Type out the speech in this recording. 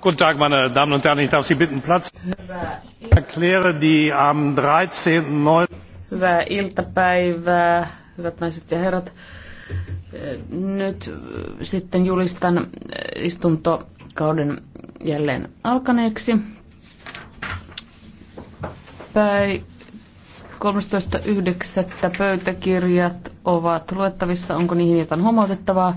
Guten Tag, meine Damen und Herren. Ich darf Sie bitten, Platz. Ich erkläre die am Hyvää iltapäivää, hyvät naiset ja herrat. Nyt äh, sitten julistan äh, istuntokauden jälleen alkaneeksi. Päi 13.9. pöytäkirjat ovat luettavissa. Onko niihin jotain huomautettavaa?